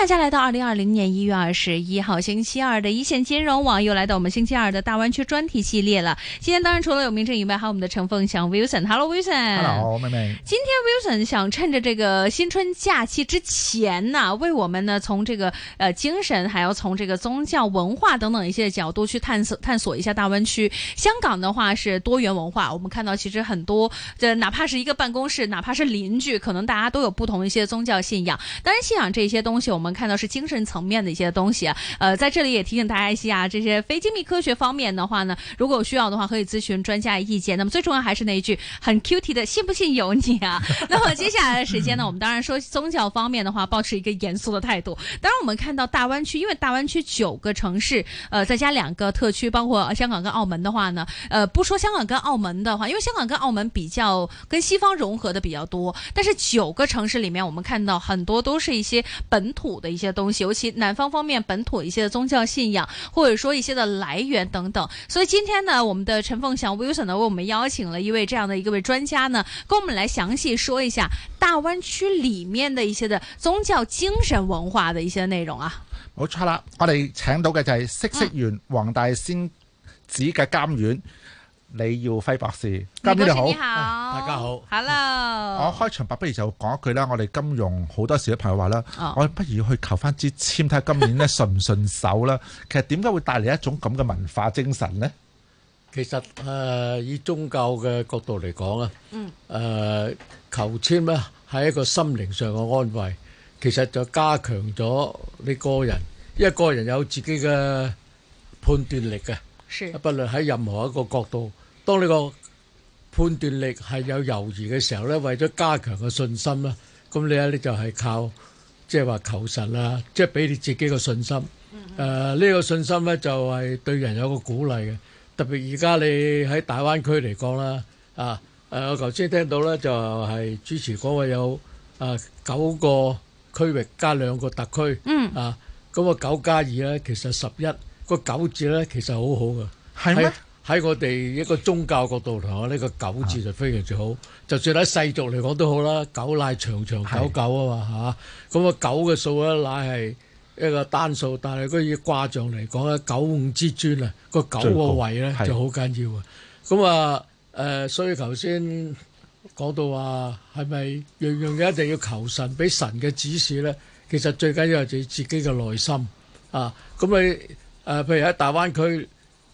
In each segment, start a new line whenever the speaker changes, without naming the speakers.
大家來到二零二零年一月二十一號星期二的一線金融網，又來到我們星期二的大灣區專題系列了。今天當然除了有明正以外，還有我們的陳鳳翔 Wilson。Hello Wilson，Hello 妹妹。今天 Wilson 想趁着這個新春假期之前呢、啊，為我們呢從這個呃精神，還要從這個宗教文化等等一些角度去探索探索一下大灣區。香港的話是多元文化，我們看到其實很多，這哪怕是一個辦公室，哪怕是鄰居，可能大家都有不同一些宗教信仰。當然信仰這些東西我們。我們看到是精神層面的一些東西，啊，呃，在這裏也提醒大家一下，啊，這些非精密科學方面的話呢，如果需要的話，可以諮詢專家意見。那麼最重要還是那一句很 cutie 的，信不信由你啊？ 那麼接下來的時間呢，我們當然說宗教方面的話，保持一個嚴肅的態度。當然，我們看到大灣區，因為大灣區九個城市，呃，再加兩個特區，包括香港跟澳門的話呢，呃，不說香港跟澳門的話，因為香港跟澳門比較跟西方融合的比較多，但是九個城市裏面，我們看到很多都是一些本土。的一些東西，尤其南方方面本土一些的宗教信仰，或者說一些的來源等等。所以今天呢，我們的陳鳳祥 Wilson 呢，為我們邀請了一位這樣的一個專家呢，跟我們來詳細說一下大灣區裏面的一些的宗教精神文化的一些內容啊。
冇錯啦，我哋請到嘅就係嗇色園黃大仙祠嘅監院。嗯李耀輝博士，嘉賓你好，
啊、大家好，Hello。我
開場白不如就講一句啦。我哋金融好多時啲朋友話啦，oh. 我哋不如去求翻支籤睇下今年咧順唔順手啦。 其實點解會帶嚟一種咁嘅文化精神咧？
其實誒、呃，以宗教嘅角度嚟講啊，嗯、呃，求籤咧係一個心靈上嘅安慰，其實就加強咗你個人，因為個人有自己嘅判斷力嘅，是不論喺任何一個角度。當你個判斷力係有猶豫嘅時候咧，為咗加強個信心啦。咁你咧，你就係靠即係話求實啦，即係俾你自己個信心。誒呢個信心咧就係對人有個鼓勵嘅，特別而家你喺大灣區嚟講啦啊誒，我頭先聽到咧就係主持講話有誒九個區域加兩個特區、嗯、啊，咁個九加二咧，其實十一個九字咧，其實好好嘅，係咩嗎？喺我哋一個宗教角度嚟講，呢、這個九字就非常之好。啊、就算喺世俗嚟講都好啦，九乃長，長長久久是啊嘛嚇。咁啊九嘅數咧乃係一個單數，但係嗰以卦象嚟講咧，九五之尊啊，個九個位咧高就好緊要啊。咁啊誒，所以頭先講到話係咪樣樣嘢一定要求神俾神嘅指示咧？其實最緊要係自己嘅內心啊。咁你誒譬如喺大灣區。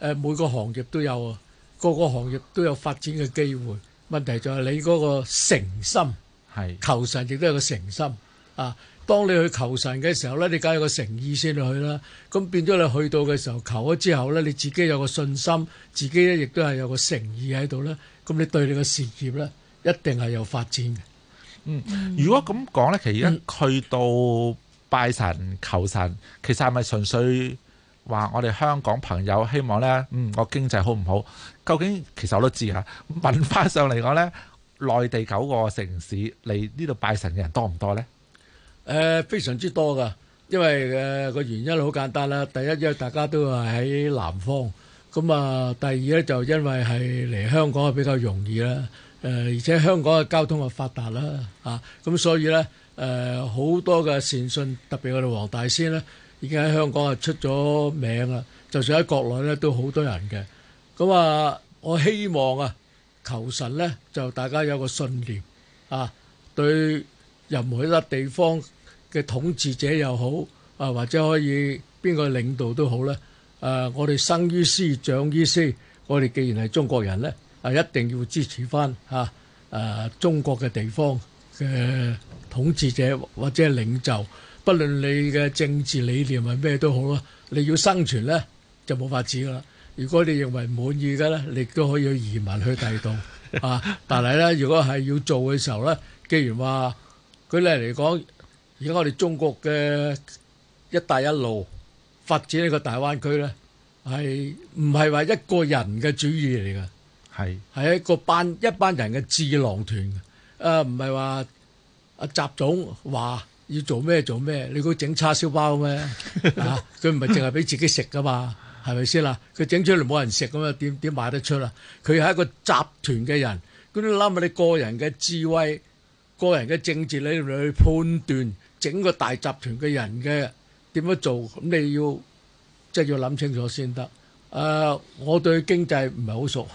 誒每個行業都有，個個行業都有發展嘅機會。問題就係你嗰個誠心，係求神亦都有個誠心啊！當你去求神嘅時候咧，你梗有個誠意先去啦。咁變咗你去到嘅時候，求咗之後咧，你自己有個信心，自己咧亦都係有個誠意喺度咧。咁你對你嘅事業咧，一定係有發展嘅。嗯，
如果咁講咧，其實而家去到拜神求神，其實係咪純粹？話我哋香港朋友希望呢，嗯，我經濟好唔好？究竟其實我都知啊。文化上嚟講呢，內地九個城市嚟呢度拜神嘅人多唔多呢？誒，非
常之多噶，因為誒個原因好簡單啦。第一，因為大家都係喺南方，咁啊，第二呢就因為係嚟香港比較容易啦。誒，而且香港嘅交通又發達啦，啊，咁所以呢誒好多嘅善信，特別我哋黃大仙呢。已經喺香港啊出咗名啦，就算喺國內咧都好多人嘅。咁啊，我希望啊，求神咧就大家有個信念啊，對任何一個地方嘅統治者又好啊，或者可以邊個領導都好咧。誒，我哋生於斯，長於斯，我哋既然係中國人咧，啊，一定要支持翻嚇誒中國嘅地方嘅統治者或者領袖。不論你嘅政治理念係咩都好啦，你要生存咧就冇法子噶啦。如果你認為唔滿意嘅咧，你都可以去移民去第二度啊。但係咧，如果係要做嘅時候咧，既然話舉例嚟講，而家我哋中國嘅一帶一路發展一個大灣區咧，係唔係話一個人嘅主義嚟噶？係係一個班一班人嘅智囊團啊，唔係話阿習總話。要做咩做咩？你估整叉燒包咩？ 啊！佢唔係淨係俾自己食噶嘛？係咪先啦？佢整出嚟冇人食咁啊？點點賣得出啊？佢係一個集團嘅人，咁你諗下你個人嘅智慧、個人嘅政治裏面去判斷整個大集團嘅人嘅點樣做，咁你要即係、就是、要諗清楚先得。啊，我對經濟唔係好熟，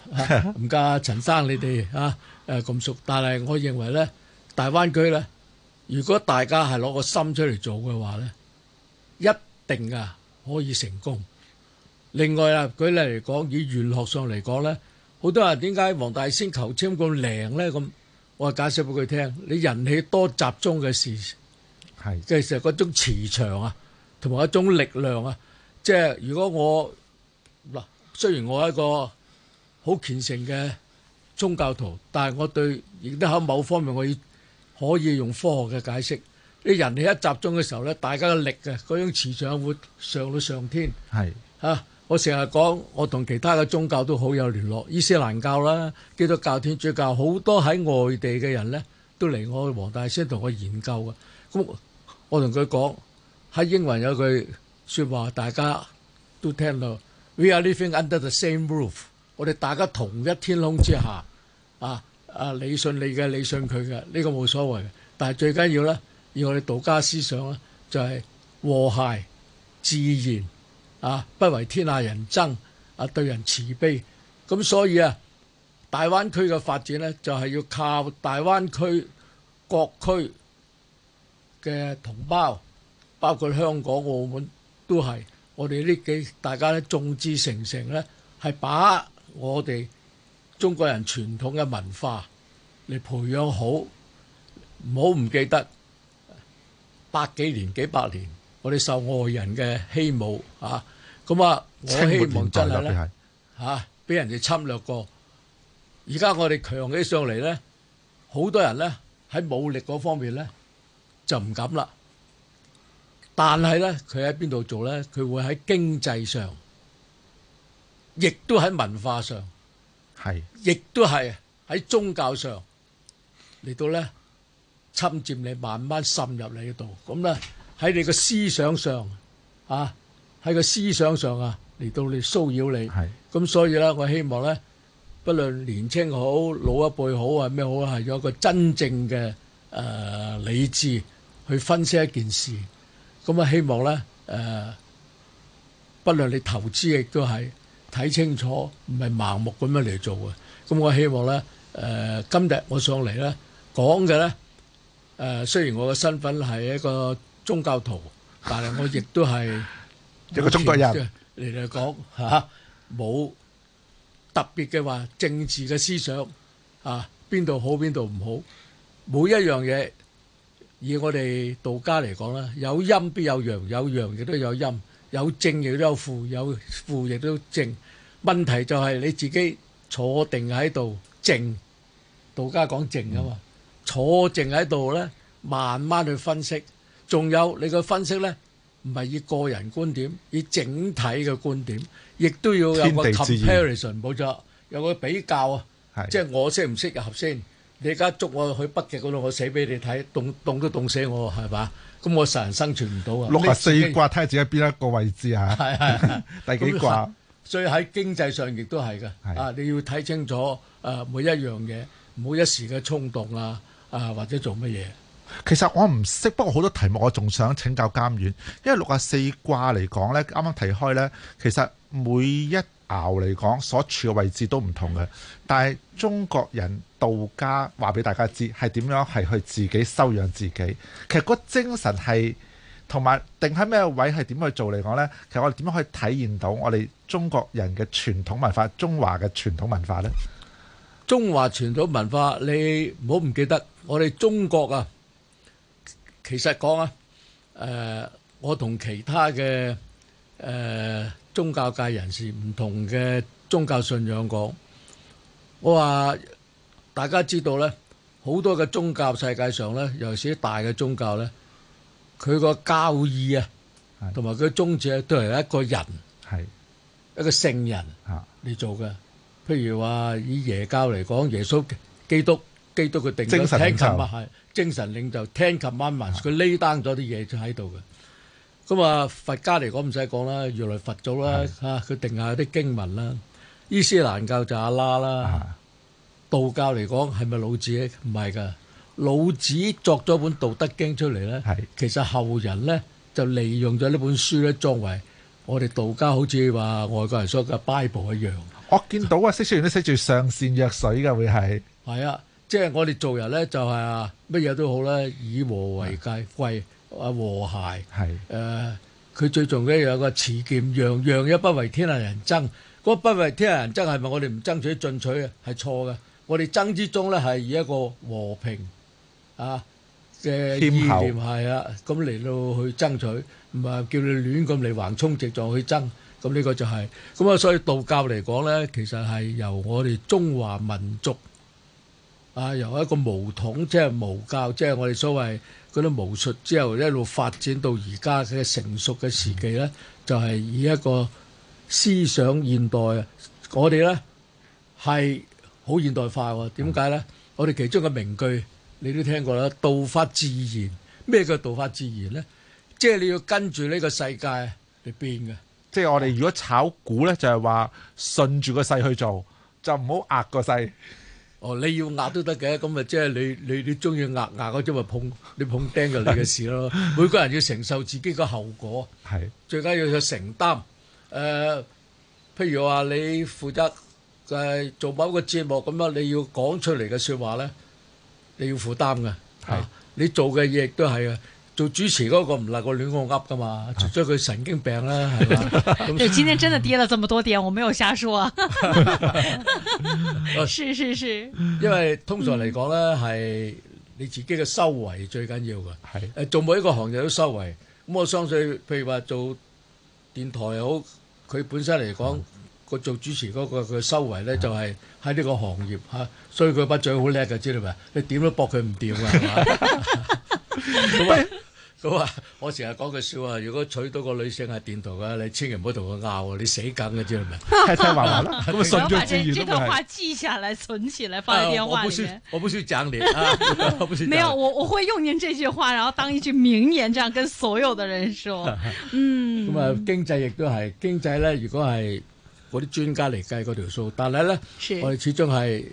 唔夠阿陳生你哋啊，誒、啊、咁熟。但係我認為咧，大灣區咧。如果大家係攞個心出嚟做嘅話咧，一定啊可以成功。另外啊，舉例嚟講，以玄學上嚟講咧，好多人點解黃大仙求簽咁靈咧？咁我啊解釋俾佢聽，你人氣多集中嘅事，係即係成個種磁場啊，同埋一種力量啊。即係如果我嗱，雖然我係一個好虔誠嘅宗教徒，但係我對亦都喺某方面我要。可以用科學嘅解釋，啲人哋一集中嘅時候咧，大家嘅力嘅嗰種磁場會上到上天。係嚇是、啊，我成日講，我同其他嘅宗教都好有聯絡，伊斯蘭教啦、基督教、天主教，好多喺外地嘅人咧，都嚟我黃大仙同我研究嘅。咁我同佢講喺英文有句説話，大家都聽到 We are living under the same roof，我哋大家同一天空之下啊。啊！你信你嘅，你信佢嘅，呢個冇所謂嘅。但係最緊要呢，以我哋道家思想呢，就係和諧自然啊，不為天下人爭啊，對人慈悲。咁所以啊，大灣區嘅發展呢，就係要靠大灣區各區嘅同胞，包括香港、澳門都係我哋呢幾大家咧，眾志成城呢，係把我哋。.中國人傳統嘅文化嚟培養好，唔好唔記得百幾年幾百年，我哋受外人嘅欺侮啊！咁啊，我希望真係咧，啊，俾人哋侵略過。而家我哋強起上嚟咧，好多人咧喺武力嗰方面咧就唔敢啦。但係咧，佢喺邊度做咧？佢會喺經濟上，亦都喺文化上。係，亦都係喺宗教上嚟到咧侵佔你，慢慢滲入你度。咁咧喺你個思想上啊，喺個思想上啊嚟到你騷擾你。係是，咁所以咧，我希望咧，不論年青好、老一輩好啊，咩好啊，有一個真正嘅誒、呃、理智去分析一件事。咁啊，希望咧誒、呃，不論你投資亦都係。睇清楚，唔係盲目咁樣嚟做嘅。咁我希望呢，誒、呃，今日我上嚟呢講嘅呢，誒、呃，雖然我嘅身份係一個宗教徒，但係我亦都係 一個中國人嚟嚟講嚇，冇、啊、特別嘅話政治嘅思想啊，邊度好邊度唔好，每一樣嘢以我哋道家嚟講咧，有陰必有陽，有陽亦都有陰。有正亦都有負，有負亦都有正。問題就係你自己坐定喺度靜，道家講靜噶嘛，坐靜喺度咧，慢慢去分析。仲有你嘅分析咧，唔係以個人觀點，以整體嘅觀點，亦都要有個 comparison，冇錯，有個比較啊，即係我適唔適合先。你而家捉我去北極嗰度，我死俾你睇，凍凍都凍死我，係嘛？咁我成人生
存唔到啊！六十四卦睇下自己喺邊一個位置啊！係，是 第幾卦？
所以喺經濟上亦都係噶，啊的你要睇清楚誒、呃、每一樣嘢，唔好一時嘅衝動啊，啊、呃、或者做乜嘢？
其實我唔識，不過好多題目我仲想請教監院，因為六十四卦嚟講咧，啱啱提開咧，其實每一。熬嚟講，所處嘅位置都唔同嘅，但係中國人道家話俾大家知係點樣係去自己修養自己，其實個精神係同埋定喺咩位係點去做嚟講呢？其實我哋點樣可以體驗到我哋中國人嘅傳統文化、中華嘅傳統文化呢？中華傳統文化你
唔好唔記得，我哋中國啊，其實講啊，誒、呃，我同其他嘅誒。呃宗教界人士唔同嘅宗教信仰講，我話大家知道咧，好多嘅宗教世界上咧，尤其是啲大嘅宗教咧，佢個教義啊，同埋佢宗旨咧，都係一個人，係是一個聖人嚟做嘅。譬如話以耶教嚟講，耶穌基督，基督嘅定精神領袖係精神領袖，Ten Commandments，佢 lay down 咗啲嘢就喺度嘅。是咁啊，佛家嚟講唔使講啦，如來佛祖啦，嚇佢是、啊、定下啲經文啦。伊斯蘭教就阿拉啦。啊、道教嚟講係咪老子？唔係㗎，老子作咗本《道德經》出嚟咧。係是，其實後人咧就利用咗呢本書咧，作為我哋道家好似話外國人所嘅《
Bible》一樣。我見到啊，識書人都寫住上善若水㗎，會係。
係啊，即係我哋做人咧，就係乜嘢都好啦，以和為戒是貴。啊，和諧係誒，佢最重要嘅有一個慈儉，讓讓一不為天下人爭。嗰個不為天下人爭係咪我哋唔爭取進取啊？係錯嘅。我哋爭之中咧係以一個和平啊嘅意念係啊，咁嚟到去爭取，唔係叫你亂咁嚟橫衝直撞去爭。咁呢個就係咁啊。所以道教嚟講咧，其實係由我哋中華民族啊，由一個無統即係無教，即係我哋所謂。嗰啲巫術之後，一路發展到而家嘅成熟嘅時期咧，嗯、就係以一個思想現代，我哋咧係好現代化喎。點解咧？嗯、我哋其中嘅名句你都聽過啦，道法自然。咩叫道法自然咧？
即係你要跟住呢個世界嚟變嘅。即係我哋如果炒股咧，就係、是、話順住個勢去做，就唔好壓個勢。哦，你要壓都得嘅，咁
咪即係你你你中意壓壓嗰種，咪碰你碰釘就你嘅事咯。 每個人要承受自己嘅後果，係 最緊要去承擔。誒、呃，譬如話你負責誒做某個節目咁樣，你要講出嚟嘅說話咧，你要負擔㗎。係、 啊、你做嘅嘢亦都係啊。做主持嗰個唔叻，個亂咁噏噶嘛，除咗佢神經病啦，係嘛？
今天真的跌了這麼多點，我沒有瞎說。
是是是，因為通常嚟講呢，係你自己嘅修為最緊要噶。係做每一個行業都修為。咁我相信，譬如話做電台又好，佢本身嚟講，個做主持嗰個嘅修為呢，就係喺呢個行業吓，所以佢把嘴好叻嘅，知道咪？你點都駁佢唔掂噶，係嘛？佢話：我成日講句笑話，如果娶到個女性係點度嘅，你千祈唔好同佢拗喎，你死梗嘅知唔知？ 聽聽話話啦，咁啊信咗呢個話
記下來，存起來，放在電話裡
面。我不需，我不需講你啊！我不需。沒有
我，我會用您這句話，然後當一句名言，這樣跟所有的人說。 嗯。咁啊，
經濟亦都係經濟咧。如果係嗰啲專家嚟計嗰條數，但係咧，是我哋始終係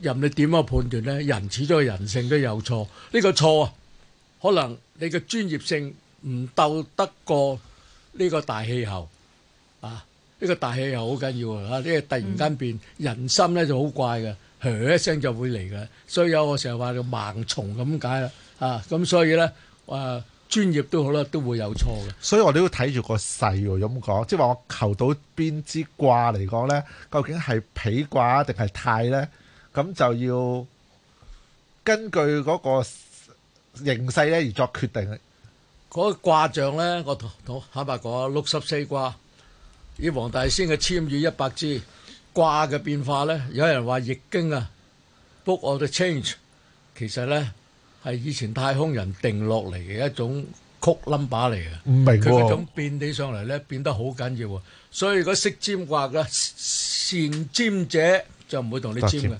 任你點樣判斷咧，人始終係人性都有錯。呢、這個錯啊！可能你嘅專業性唔鬥得過呢個大氣候啊！呢、這個大氣候好緊要啊！呢、這個突然間變、嗯、人心咧就好怪嘅，噓一聲就會嚟嘅。所以有我成日話個盲從咁解啦啊！咁所以咧誒，專、啊、業都好啦，都會有錯
嘅。所以我都、啊、要睇住個勢咁講，即係話我求到邊支卦嚟講咧，究竟係否卦定係泰咧？咁就要根據嗰、那個。形勢咧而作決定嘅嗰
卦象咧，我同同坦白講，六十四卦以黃大仙嘅簽語一百支卦嘅變化咧，有人話易經啊，Book of the Change，其實咧係以前太空人定落嚟嘅一種 code number 嚟嘅。唔明佢嗰種變起上嚟咧，變得好緊要，所以如果識占卦嘅善占者就唔會同你占嘅。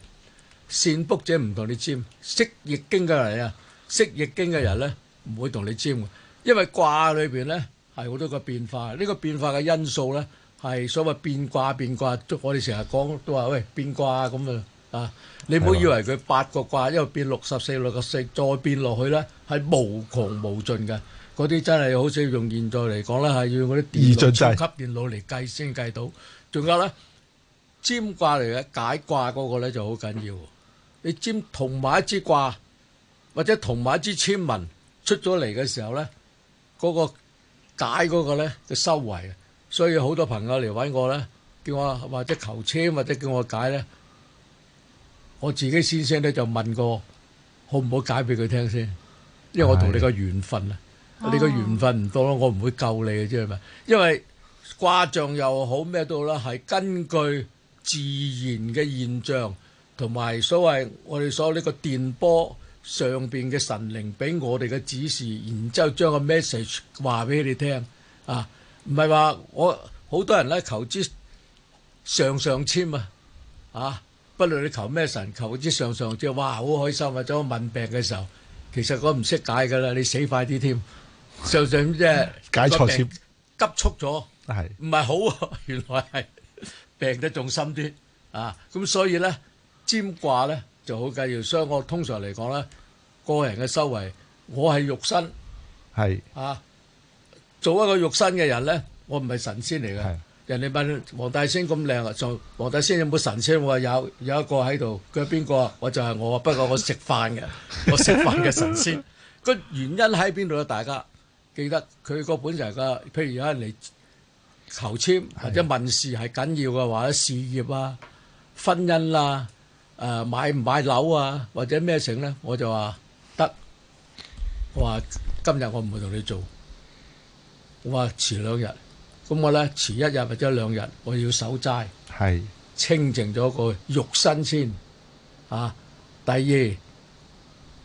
善卜者唔同你占，識易經嘅人嚟啊！識易經嘅人咧，唔會同你占，因為卦裏邊咧係好多個變化，呢個變化嘅因素咧係所謂變卦變卦，我哋成日講都話喂變卦咁啊啊！你唔好以為佢八個卦因為變六十四六個四，再變落去咧係無窮無盡嘅，嗰啲真係好需要用現代嚟講啦，係要用嗰啲電腦高級電腦嚟計先計到，仲有咧占卦嚟嘅解卦嗰個咧就好緊要，你占同埋一枝卦。或者同埋一支簽文出咗嚟嘅時候咧，嗰個解嗰個咧就收穫，所以好多朋友嚟揾我咧，叫我或者求簽或者叫我解咧，我自己先聲咧就問過，好唔好解俾佢聽先？因為我同你個緣分啊，你個緣分唔多咯，我唔會救你嘅啫係咪？因為卦象又好咩都好啦，係根據自然嘅現象同埋所謂我哋所謂呢個電波。上邊嘅神靈俾我哋嘅指示，然之後將個 message 話俾你聽啊，唔係話我好多人咧求之上上籤啊，啊，不論你求咩神，求之上上籤，哇，好開心或者、啊、我問病嘅時候，其實我唔識解噶啦，你死快啲添上上即係、就是、 解錯釋籤，急促咗，唔係好、啊，原來係病得仲深啲啊，咁所以咧，籤卦咧。就好緊要，所以我通常嚟講咧，個人嘅修為，我係肉身，係是啊，做一個肉身嘅人咧，我唔係神仙嚟嘅。是人哋問黃大仙咁靚啊，做黃大仙有冇神仙？我話有，有一個喺度，佢係邊個啊？我就係我啊，不過我食飯嘅， 我食飯嘅神仙。個 原因喺邊度啊？大家記得佢個本就係個，譬如有人嚟求籤或者問事係緊要嘅，或者事業啊、婚姻啦、啊。誒買唔買樓啊？或者咩成咧？我就話得，我話今日我唔會同你做，我話遲兩日，咁我咧遲一日或者兩日，我要守齋，是清淨咗個肉身先啊。第二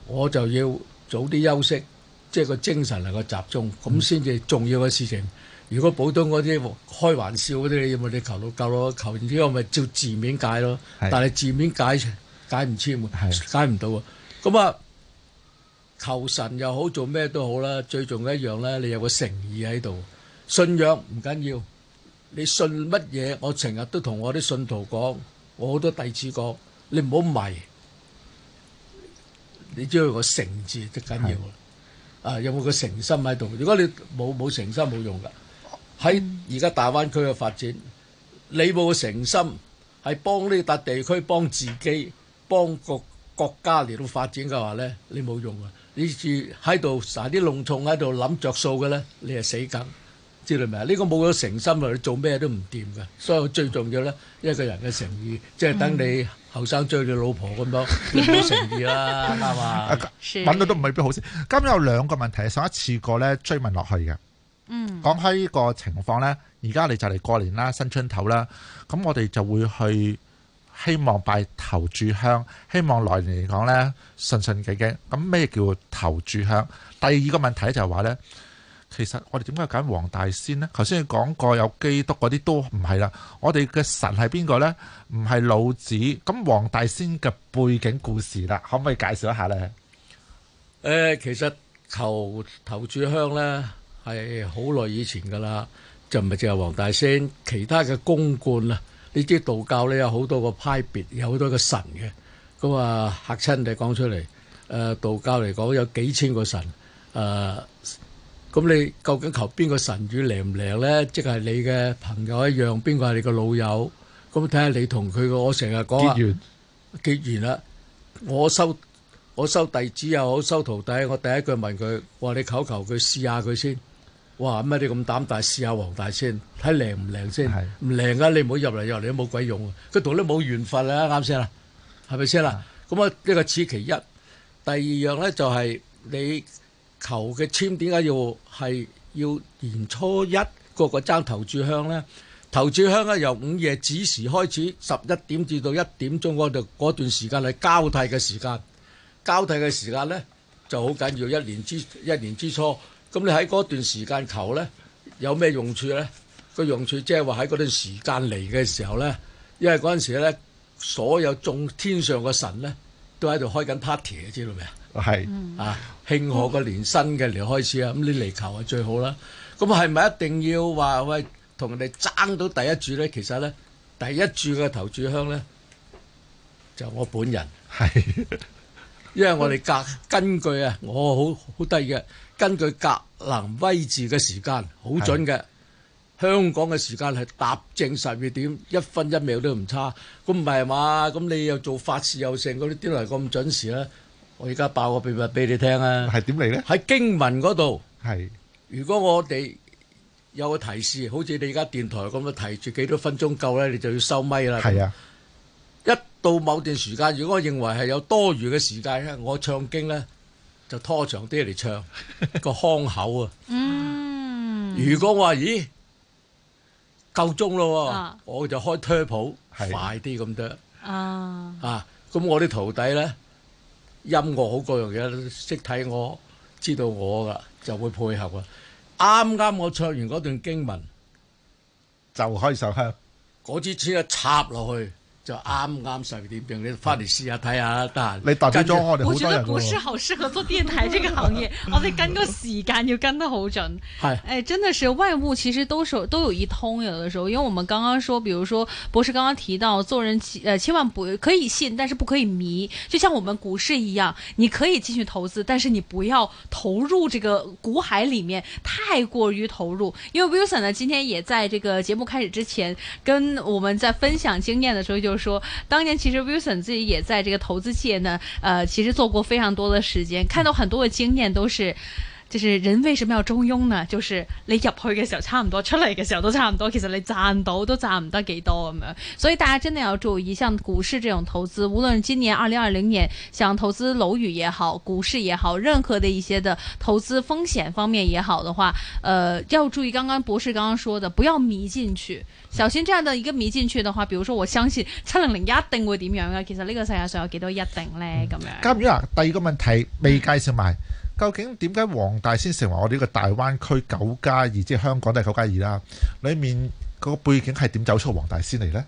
我就要早啲休息，即係個精神能夠集中，咁先至重要嘅事情。如果普通嗰啲開玩笑嗰啲，你要咪你求到救咯。求完之後咪照字面解咯。是但係字面解解唔清是解唔到啊。咁啊，求神又好，做咩都好啦。最重要一樣咧，你有個誠意喺度，信仰唔緊要。你信乜嘢？我成日都同我啲信徒講，我好多弟子講，你唔好迷。你只要有個誠字最緊要啊！有冇個誠心喺度？如果你冇冇誠心，冇用㗎。喺而家大灣區嘅發展，你冇誠心係幫呢笪地區、幫自己、幫個國家嚟到發展嘅話咧，你冇用啊！你住喺度成啲弄重喺度諗着數嘅咧，你係死梗，知道未？啊？呢個冇咗誠心啊，你做咩都唔掂嘅。所以我最重要
咧，一個人嘅誠意，即係等你後生追你老婆咁樣，你冇誠意啦，啱嘛？揾到都唔未必好先。今日有兩個問題，想一次過咧追問落去嘅。嗯，講開呢個情況呢，而家你就嚟過年啦，新春頭啦，咁我哋就會去希望拜頭柱香，希望來年嚟講呢，順順景景。咁咩叫頭柱香？第二個問題就係話呢，其實我哋點解要揀黃大仙呢？頭先講過有基督嗰啲都唔係啦。我哋嘅神係邊個呢？唔係老子。咁黃大仙嘅背景故事啦，可唔可以介紹一下呢？誒，
其實頭頭柱香呢。係好耐以前噶啦，就唔係淨係黃大仙，其他嘅宮觀啊，你知道，道教咧有好多個派別，有好多個神嘅。咁啊吓親你講出嚟，誒，道教嚟講有幾千個神，誒、啊，咁你究竟求邊個神主靈唔靈咧？即係你嘅朋友一樣，邊個係你嘅老友？咁睇下你同佢，我成日講結緣 完，結緣啦、啊！我收我收弟子又好，收徒弟，我第一句問佢：，話你求求佢試下佢先。哇！咁你咁膽大，試下黃大仙，睇靈唔靈先。唔靈嘅的、啊，你唔好入嚟入嚟都冇鬼用。佢同你冇緣分啦，啱先啦，係咪先啦？咁啊的，呢個此其一。第二樣呢，就係、是、你求嘅籤點解要係要年初一個個爭頭柱香呢？頭柱香咧，由午夜子時開始，十一點至到一點鐘嗰度段時間係交替嘅時間。交替嘅時間呢，就好緊要，一年之一年之初。咁你喺嗰段時間求咧，有咩用處咧？個用處即係話喺嗰段時間嚟嘅時候咧，因為嗰陣時咧，所有眾天上嘅神咧，都喺度開緊 party，知道未啊？係是啊，慶賀個年新嘅嚟開始啊！咁你嚟求係最好啦。咁係咪一定要話喂，同人哋爭到第一柱咧？其實咧，第一柱嘅頭柱香咧，就是、我本人係，的因為我哋格根據啊，我好好低嘅。根據格林威治嘅時間好準嘅，香港嘅時間係踏正十二點一分一秒都唔差。咁唔係嘛？咁你又做法事又成個啲點嚟咁準時咧？我而家爆個秘密俾你聽啊！係點嚟咧？喺經文嗰度係。如果我哋有個提示，好似你而家電台咁樣提示幾多分鐘夠咧，你就要收咪啦。係啊！一到某段時間，如果我認為係有多餘嘅時間咧，我唱經咧。就拖長啲嚟唱個腔口啊！ 嗯、
如
果我話咦夠鐘咯，啊啊、我就開拖譜的快啲咁多啊！咁、啊、我啲徒弟咧，音樂好過樣嘢，識睇我知道我噶就會配合啊！啱啱我唱完嗰段經文就開手香，嗰支籤插落去。就啱啱十二點鐘，你翻嚟試下睇下得。你大家，我
覺
得唔係好適合做電台這個行業， 我哋跟個時間要跟得好準。係是。誒、哎，真的是外物其實都係都有一通，有的時候，因為我們剛剛說，比如說博士剛剛提到做人呃，千萬不可以信，但是不可以迷。就像我們股市一樣，你可以進去投資，但是你不要投入這個股海裡面太過於投入。因為 Wilson 呢，今天也在這個節目開始之前，跟我們在分享經驗的時候就是。說，當年其實 Wilson 自己也在這個投資界呢，呃，其實做過非常多的時間，看到很多的經驗都是。就是人為什麼要中庸呢？就是你入去嘅時候差唔多，出嚟嘅時候都差唔多。其實你賺到都賺唔得幾多咁樣。所以大家真係要注意，像股市這種投資，無論今年二零二零年像投資樓宇也好，股市也好，任何的一些的投資風險方面也好的話，呃，要注意。剛剛博士剛剛說的，不要迷進去，小心這樣的一個迷進去的話，比如說我相信七零零一定會點樣啊，其實呢個世界上有幾多一定呢？咁、嗯、
樣、啊。今日第二個問題未介紹埋。嗯究竟點解黃大仙成為我哋呢個大灣區九加二，即係香港都係九加二啦？2，裏面個背景係點走出黃大仙嚟呢？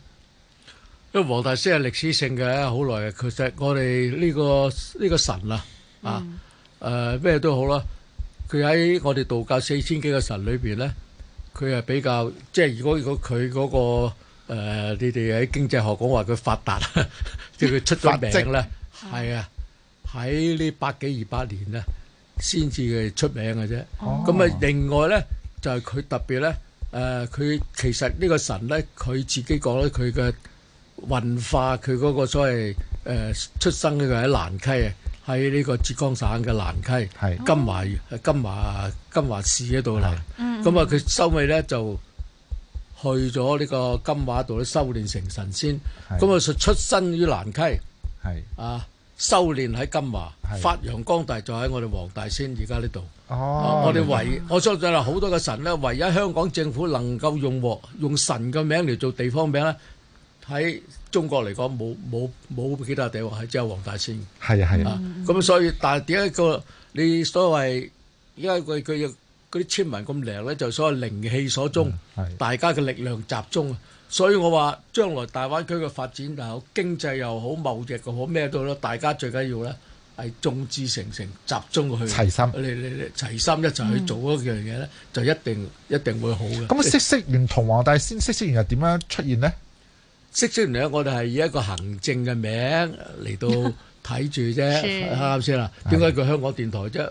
因為黃大仙係歷史性嘅，好耐其實我哋呢、這個呢、這個神啊，嗯、啊誒咩、呃、都好啦，佢喺我哋道教四千幾個神裏邊咧，佢係比較即係如果如果佢嗰個誒、呃，你哋喺經濟學講話佢發達，即係佢出咗名咧，係啊，喺呢百幾二百年啊。先至係出名嘅啫，咁啊、哦、另外咧就係、是、佢特別咧，誒、呃、佢其實呢個神咧，佢自己講咧，佢嘅文化佢嗰個所謂誒、呃、出生咧，佢喺蘭溪啊，喺呢個浙江省嘅蘭溪，金華，金華金華市嗰度嚟，咁啊佢收尾咧就去咗呢個金華度咧修煉成神仙，咁啊是出出身於蘭溪，係是啊。修煉喺金華，發揚光大就喺我哋黃大仙而家呢度。
我哋唯
我相信啦，好多嘅神咧，唯一香港政府能夠用用神嘅名嚟做地方名咧，喺中國嚟講冇冇冇其他地方，係只有黃大仙。係啊係啊，咁所以但係點解個你所謂，因為佢佢要嗰啲村民咁靈咧，就所謂靈氣所鍾，大家嘅力量集中。所以我話將來大灣區嘅發展又好，經濟又好，貿易又好，咩都好，大家最緊要咧係眾志成城，集中去齊心。你你你齊心一齊去做嗰樣嘢咧，就一定一定會好嘅。咁啊，嗇
色園同黃大仙，但係先嗇色園又點樣出現咧？
嗇色園咧，我哋係以一個行政嘅名嚟到睇住啫，啱先啦。點解叫香港電台啫？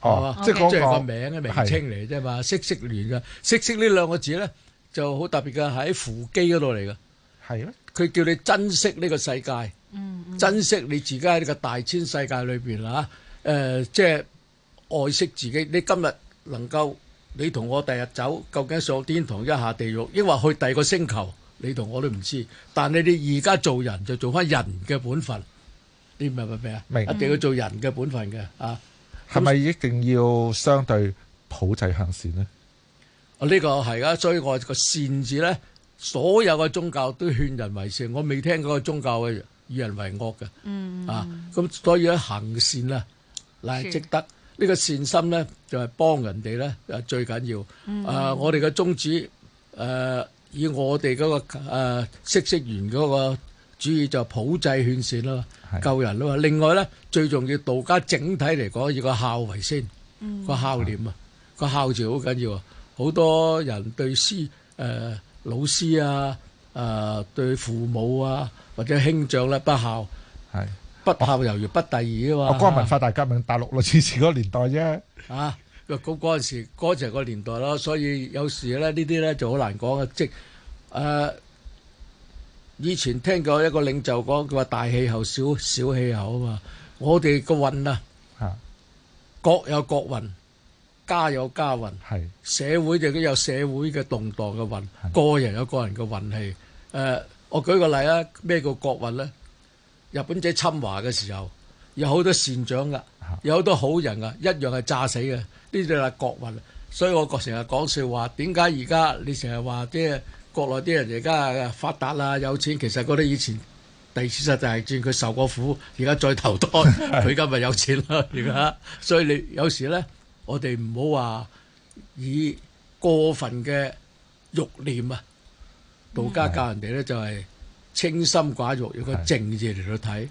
哦，即係嗰個名嘅名稱嚟啫嘛。嗇色園啊，嗇色呢兩個字咧。就好特別嘅喺扶乩嗰度嚟嘅，係咯，佢叫你珍惜呢個世界，珍惜你自己喺呢個大千世界裏邊啊！誒，即係愛惜自己。你今日能夠你同我第日走，究竟上天堂一下地獄，抑或去第二個星球，你同我都唔知。但你哋而家做人就做翻人嘅本分，你明唔明啊？明，一定要做人嘅本分嘅啊！
係咪一定要相對普濟行善呢？
呢個係啊，所以我個善字咧，所有嘅宗教都勸人為善，我未聽過宗教嘅以人為惡嘅、嗯、啊。咁所以咧，行善啊，乃積德。呢個善心咧，就係、是、幫人哋咧，最緊要啊、嗯呃。我哋嘅宗旨誒、呃，以我哋嗰個嗇色園嗰個主義，就普濟勸善咯，救人咯。是另外咧，最重要道家整體嚟講，以個孝為先，個孝念啊，個孝字好緊要。啊。好多人對師誒、呃、老師啊，誒、呃、對父母啊，或者兄長咧不孝，係是不孝猶如不第二啊嘛！啊，我國文化
大革命，大陸類似嗰個年代啫。
啊，咁嗰陣時嗰陣個年代咯，所以有時咧呢啲咧就好難講啊。即誒、啊，以前聽過一個領袖講，佢話大氣候小小氣候啊嘛。我哋個運啊，是各有各運。家有家運，係社會亦都有社會嘅動盪嘅運，個人有個人嘅運氣。誒、呃，我舉個例啊，咩叫國運呢？日本仔侵華嘅時候，有好多善長噶，有好多好人噶，一樣係炸死嘅。呢啲就係國運。所以我個成日講說話，點解而家你成日話啲啊國內啲人而家發達啦有錢，其實覺得以前地事實就係佔佢受過苦，而家再投胎，佢今咪有錢啦而家。所以你有時呢。我哋唔好話以過分嘅慾念啊，道家教人哋咧就係
清心寡慾，一個靜字嚟到睇，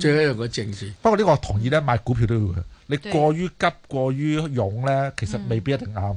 最緊要個靜字。不過呢個我同意咧，買股票都要，你過於急、過於勇咧，其實未必一定啱。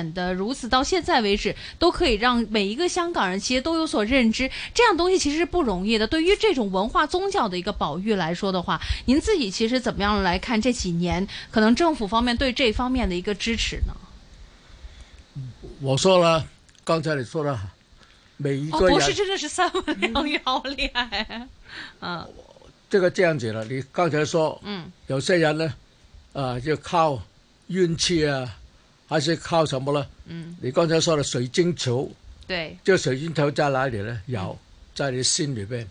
的，如此到現在為止，都可以讓每一個香港人其實都有所認知，這樣東西其實是不容易的。對於這種文化宗教的一個保育來說的話，您自己其實怎麼樣來看這幾年可能政府方面對這方面的一個支持呢？
我說了，剛才你說了，每一個人不是、哦、
真的是三文兩語、嗯、好厲害、
啊，嗯，這個這樣子了。你剛才說，嗯，有些人呢、呃，就靠運氣啊。還是靠什麼啦？嗯，你剛才說的水晶球，
對。即
係水晶球在哪裏咧？有，在你心裏邊。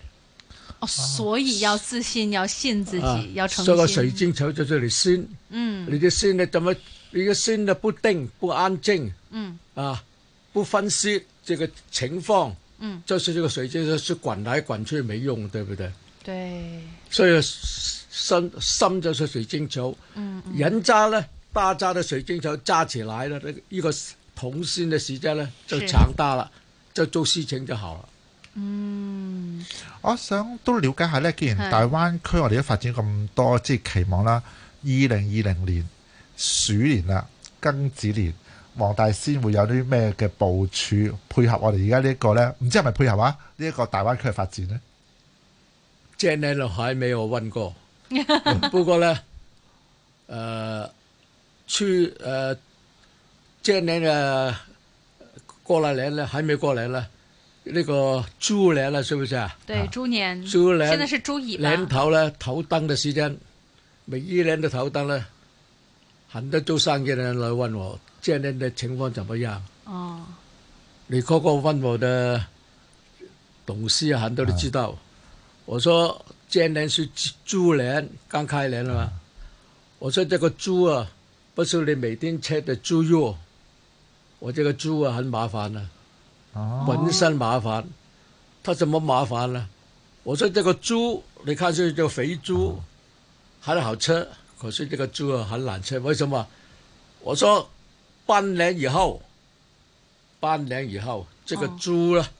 哦，所以要自信，要信自己，要成。所以個水晶
球就是你心。嗯。你的心你做乜？你嘅心啊，不定不安靜。嗯。啊，不分析這個情況。嗯。就是這個水晶球是滾來滾去沒用，對不對？對。所以心心就係水晶球。嗯。人家咧。巴揸的水晶就揸起來了，呢呢個同心的時間咧就強大啦，的就做事情就好了。
嗯，
我想都了解下咧，既然大灣區我哋都發展咁多，的即係期望啦。二零二零年鼠年啦，庚子年，黃大仙會有啲咩嘅部署配合我哋而家呢一個咧？唔知係咪配合啊？呢、這、一個大灣區嘅發展呢
？j a n i e 仲係未我問過， 不過咧，誒、呃。去呃，今年的過了年了，還沒過來了，那個豬年了，是不是啊？對，豬
年。豬年。現在是豬年了。年
頭了，頭燈的時間，每一年的頭燈了，很多做生意的人來問我今年的情況怎麼樣？哦。你個個問我的董事很多都知道，哦、我說今年是豬年，剛開年了嘛，嗯、我說這個豬啊。不是你每天吃的豬肉，我這個豬啊很麻煩啊，oh. 本身麻煩，它怎麼麻煩呢、啊？我說這個豬，你看是這個肥豬，oh. 很好吃，可是這個豬啊很難吃，為什麼？我說半年以後，半年以後，這個豬呢、啊、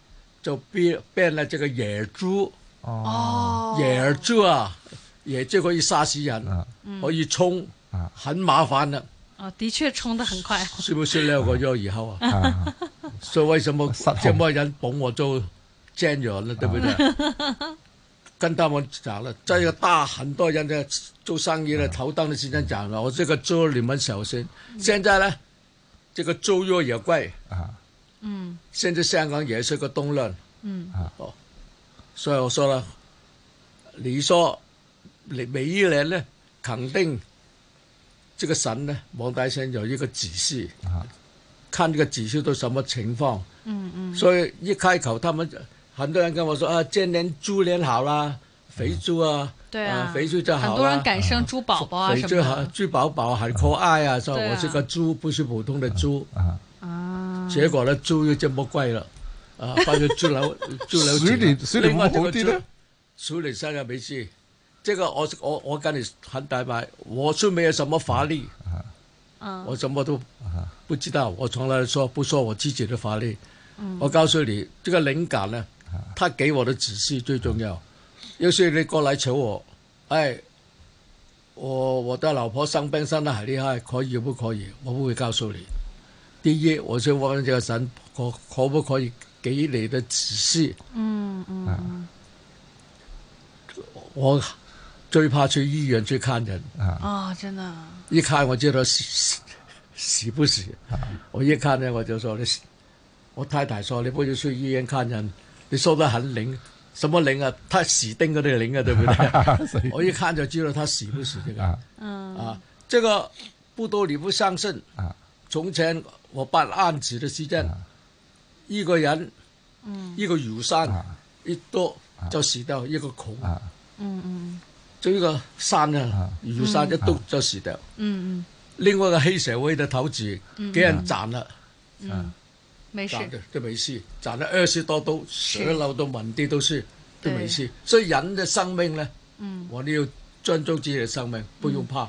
就變變了，這個野豬，oh. 野豬啊，野豬可以殺死人，oh. 可以衝。很麻煩啦，
啊，的確衝得很快，算唔
算六個月以後啊，所以為什麼這麼多人捧我做監院對唔對？跟單穩賺啦，真係大，很多人咧做生意咧，頭單啲時間賺啦，我即係做二年嘅時候先，現在呢，即係租約又貴，啊，
嗯，
甚至香港也是一個動亂，嗯啊，所以我說啦，你說你未來咧，肯定。即個神呢，黃大仙有一個指示，看呢個指示都什麼情況，嗯。嗯
嗯。所以
一開口，他們很多人跟我說，啊，今年豬年好啦，肥豬啊，
肥豬
就好，啊，很多人敢
生豬寶寶啊，肥豬好，
豬寶寶很可愛啊！啊，說我這個豬不是普通的豬。啊，嗯。啊。結果呢，豬又這麼貴了，啊，反而豬樓豬樓。水年水年冇咁這個我我我跟你很坦白，我真係冇什麼法力，啊啊、
我
什麼都不知道，我從來說不說我自己的法力，嗯、我告訴你，這個靈感呢，他給我的指示最重要。啊啊、要是你過來求我，哎，我我的老婆生病生咗很厲害，可以不可以？我不會告訴你。第一，我先問呢個神可可不可以給你的指示？嗯，嗯、啊、我。最怕去醫院去看人啊、
哦！真的，
一看我就知死死不死。我一看呢，我就說你，我太太說你不如去醫院看人，你說得很靈什麼靈啊？睇死定嗰啲靈啊，對不對？ 以我一看就知道他死不死這個啊、嗯、啊，這個不多你不相信。啊。從前我辦案子的時間、啊、一個人，嗯、一個乳山，啊、一多就死掉、啊、一個孔。嗯嗯。嗯做呢個山啊，如山一篤就死掉。嗯、另外一個黑社會的頭子，給、嗯、人斬
了沒
事，都沒事，斬咗二十多刀，血流到滿地都是，是都沒事。所以人的生命呢、嗯、我哋要尊重自己的生命，嗯、不用怕。